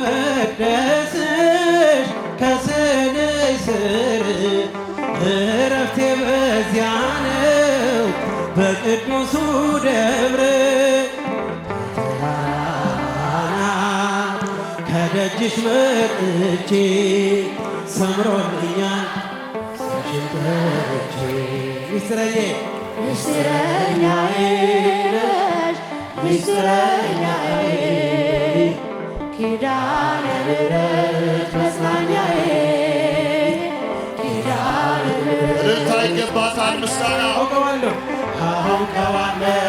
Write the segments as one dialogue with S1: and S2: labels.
S1: መቅደስሽ ከስንሽ ስር እረፍቴ በዚያ ነው በቅዱሱ ደብር ተራራ ከደጅሽ መጥቼ ሰምሮልኛል ስምሽን ሚስጥረዬ
S2: ሚስጥረኛዬ ነሽ ሚስጥረኛዬ ኪዳነ ምሕረት መጽናኛዬ ኪዳነ ምሕረት
S3: ይገባታል። ምስጋና
S1: አውቀዋለሁ አውቀዋለሁ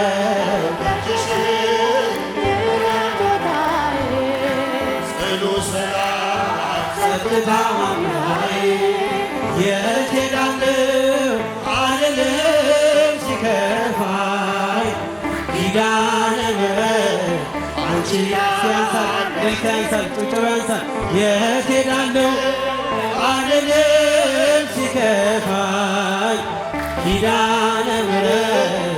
S1: ሲከፋይ ኪዳነ ሲያንሳል ለካ ያንሳል ጭብጨባ ያንሳል የት ሄዳለሁ አልልም ሲከፋኝ ኪዳነ ምሕረት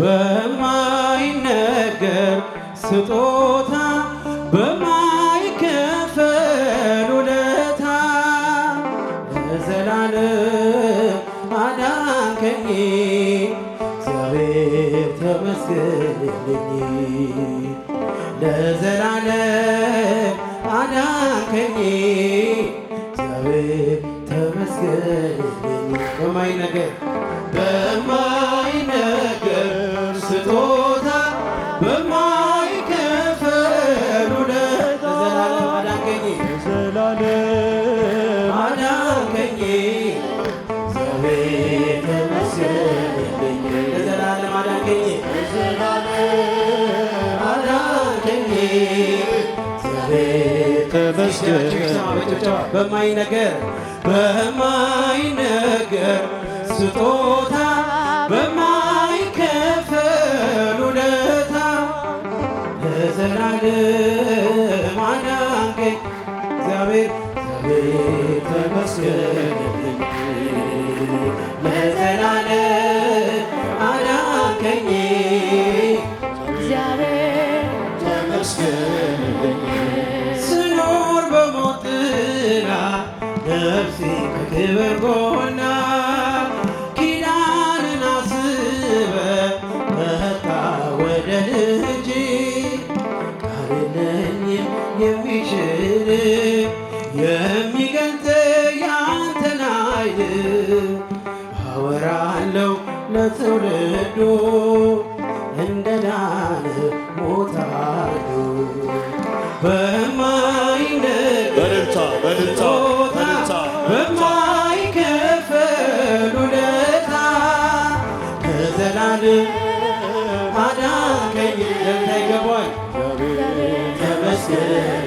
S1: በማይነገር ስጦ አድርግልኝ ለዘላለም አዳንከኝ እግዚአብሔር ተመስገን በማይ ነገር በማይ በማይነገር ስጦታ በማይከፈል ውለታ ለዘላለም ኃይል የሚገልጥ ያንተን ኃይል ለትውልዱ እንደዳነ ሞታሉ በማይነገር ቦታ አዳንከኝ ተመስገን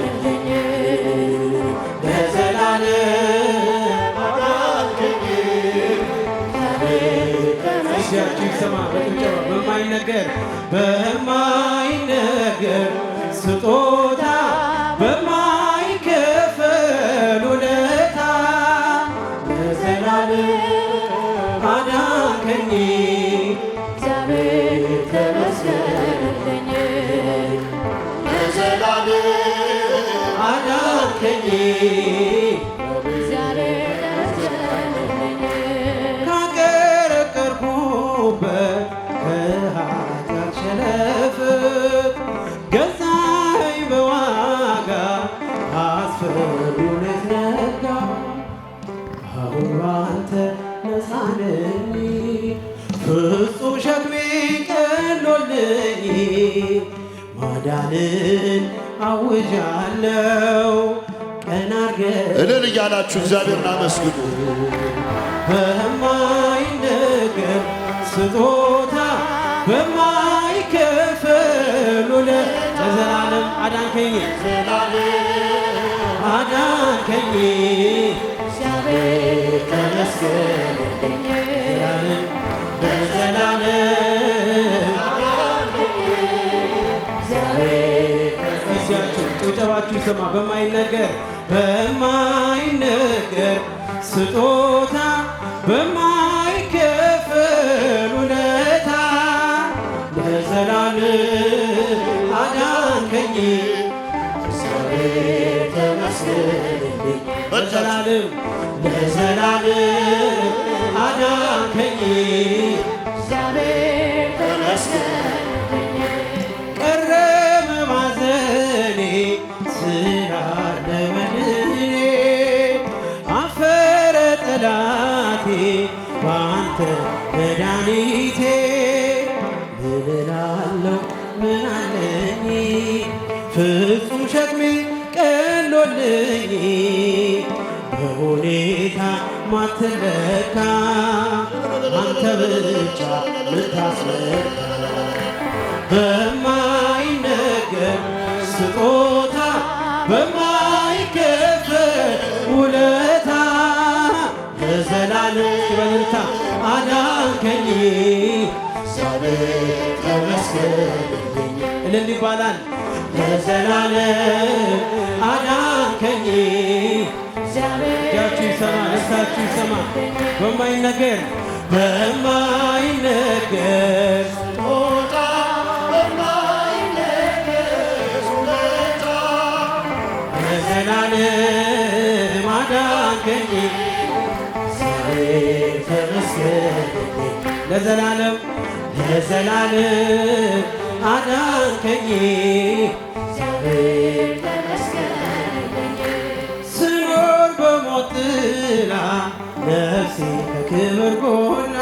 S1: ሞገስ ይሰማ በማይነገር በማይነገር ስጦ ብርሃንን አውጃለው ቀና አርገ
S3: እልል እያላችሁ እግዚአብሔርን አመስግኑ።
S1: በማይነገር ስጦታ በማይከፈል ውለት ለዘላለም አዳንከኝ አዳንከኝ ተመስገን ለዘላለም ልባችሁ ይሰማ። በማይነገር በማይነገር ስጦታ በማይከፈል ውለታ ለዘላለም አዳንከኝ ተመስገን ለዘላለም አትለካ አንተ ብቻ ምታስለካ በማይነገር ስጦታ በማይከፈል ውለታ ለዘላለም በልታ አዳንከኝ ሳልቀመስልኝ እልል ይባላል ለዘላለም አዳንከኝ እጃችሁ ይሰማ፣ ልብሳችሁ ይሰማ። በማይነገር በማይነገር በዘላለም አዳንከኝ ለዘላለም ለዘላለም አዳንከኝ ጥላ ነፍሴ ከክብር ጎና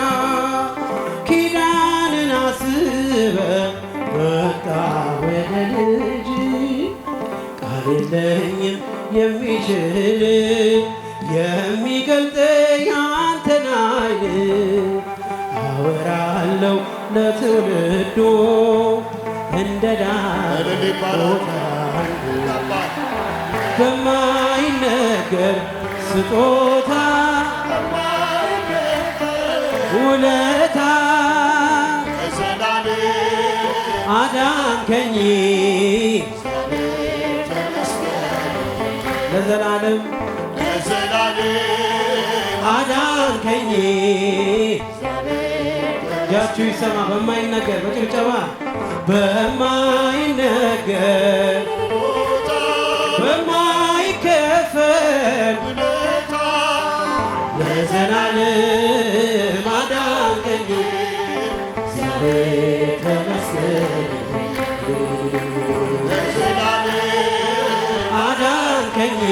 S1: ኪዳንን አስበ ወጣ ወደ ልጅ ቃል የሚችል የሚገልጠኝ አንተን አይል አወራለሁ ለትውልዶ እንደ
S3: ዳቦታ
S1: በማይነገር ስጦታ ውለታ አዳንከኝ ለዘላለም አዳንከኝ። እጃችሁ ይሰማ በማይነገር በጭብጨባ በማይነገር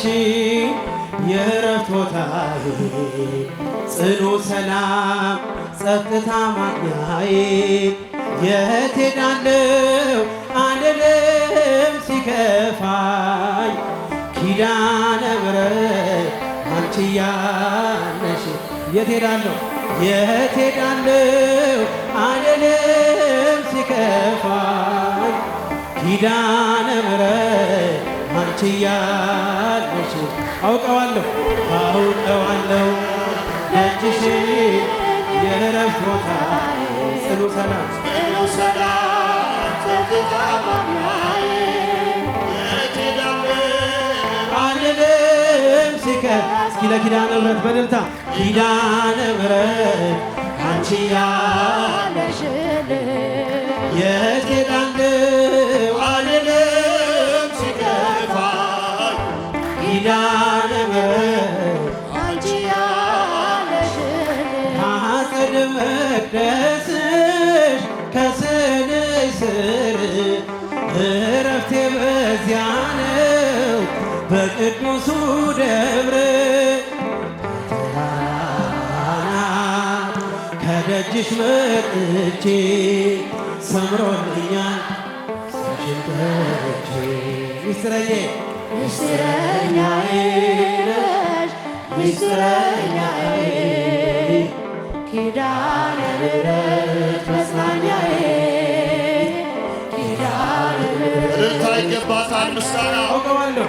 S1: አንቺ የእረፍት ቦታዬ ጽኑ ሰላም ጸጥታ ማግኛዬ የት ሄዳለሁ አልልም ሲከፋኝ ኪዳነ ምሕረት አንቺ ያለሽ የት ሄዳለሁ የት ሄዳለሁ አልልም ሲከፋኝ ኪዳነ ምሕረት ችያለሽ አውቀዋለሁ አውቀዋለሁ ደጅሽ የእረፍት ቦታ ጽኑ ሰላም ጽኑ ሰላም ጸጥታ እስኪ ለኪዳነ ምሕረት በእልልታ ኪዳነ ምሕረት አንቺ ያለሽልኝ ቅዱሱ ደብረ ብርሃን ከደጅሽ መጥቼ ሰምሮልኛል ሽንጠቼ ሚስጥረዬ
S2: ሚስጥረኛዬ ሚስጥረኛዬ ኪዳነ ምሕረት መጽናኛዬ ኪዳነ ምሕረት
S3: እልልታ ምስጋና
S1: አውቀዋለሁ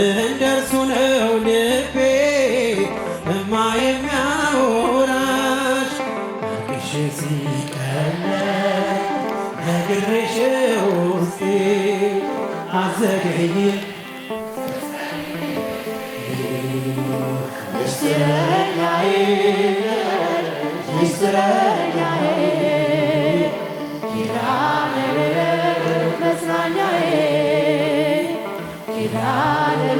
S1: እንደርሱ ነው ልቤ እማ የሚያወራሽ አልቅሼ ሲቀለኝ ነግሬሽ ውስጤ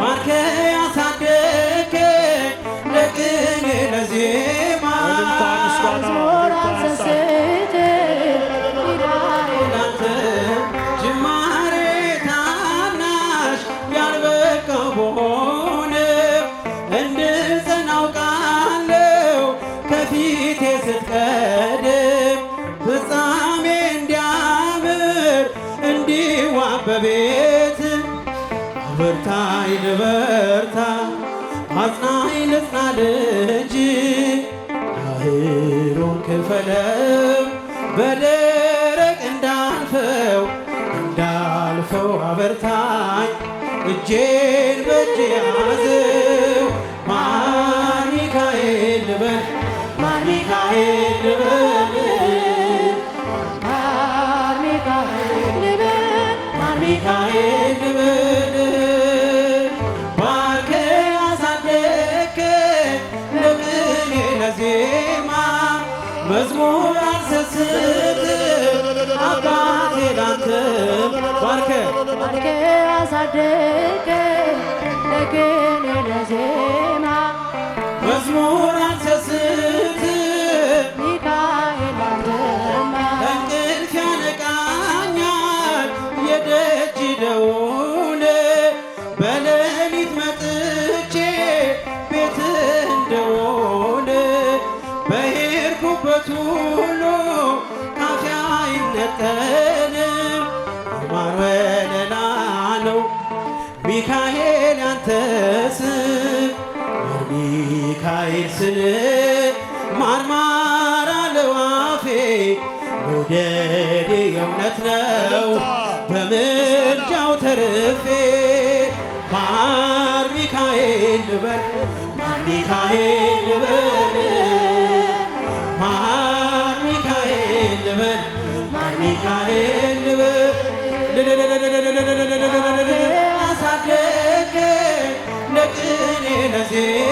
S1: ባርከ ያሳደ ይልፍናል እንጂ ባህሩን ክፈለው በደረቅ እንዳልፈው እንዳልፈው አበርታኝ እጄን በእጅ አባቴ ላንተ ባርከ
S2: ባርከ አሳደገ ደግኔ ለዜማ
S1: መዝሙር አንሰስ ሚካኤል አንተ ስም ማር ሚካኤል ስል ማርማራ ለዋፌ መውደዴ የእውነት ነው በምልጃው ተርፌ ማር ሚካኤል ልበል ማር ሚካኤል ልበል ማር ሚካኤል ልበል ማር ሚካኤል ልበል نزيد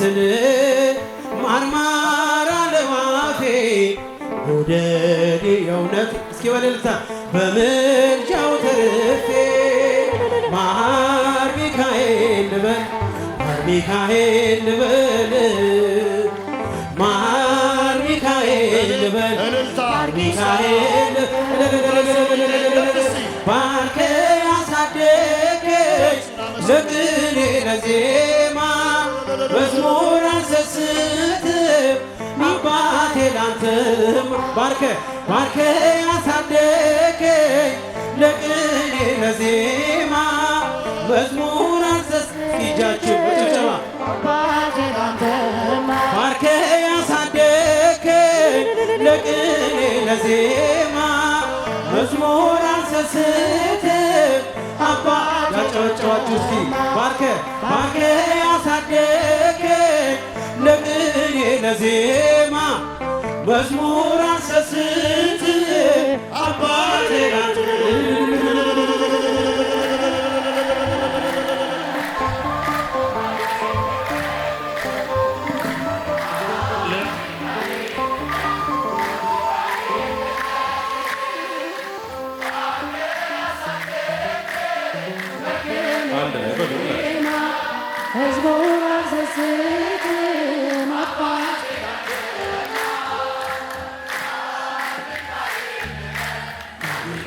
S1: ፊትን ማርማራ ለማፌ ውደድ የውነት እስኪ በልልታ በምልጃው ተርፌ ማር ሚካኤል ልበል ማር ሚካኤል ልበል ማር ሚካኤል ልበል ማር ሚካኤል ባርከ ያሳደገች ለቅኔ ለዜ መዝሙር አንሰስትም አባቴ ላንተም ባርከ ባርከ ያሳደገኝ ለቅኔ ለዜማ መዝሙር አንሰስ ባርከ ለቅኔ ለዜማ መዝሙር አባ ጨወጨዋችሁ እስኪ ባርከ ባርከ ያሳደገ ለቅኔ ለዜማ መዝሙር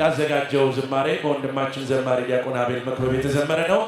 S3: ያዘጋጀው ዝማሬ በወንድማችን ዘማሪ ዲያቆን አቤል መክበብ የተዘመረ ነው።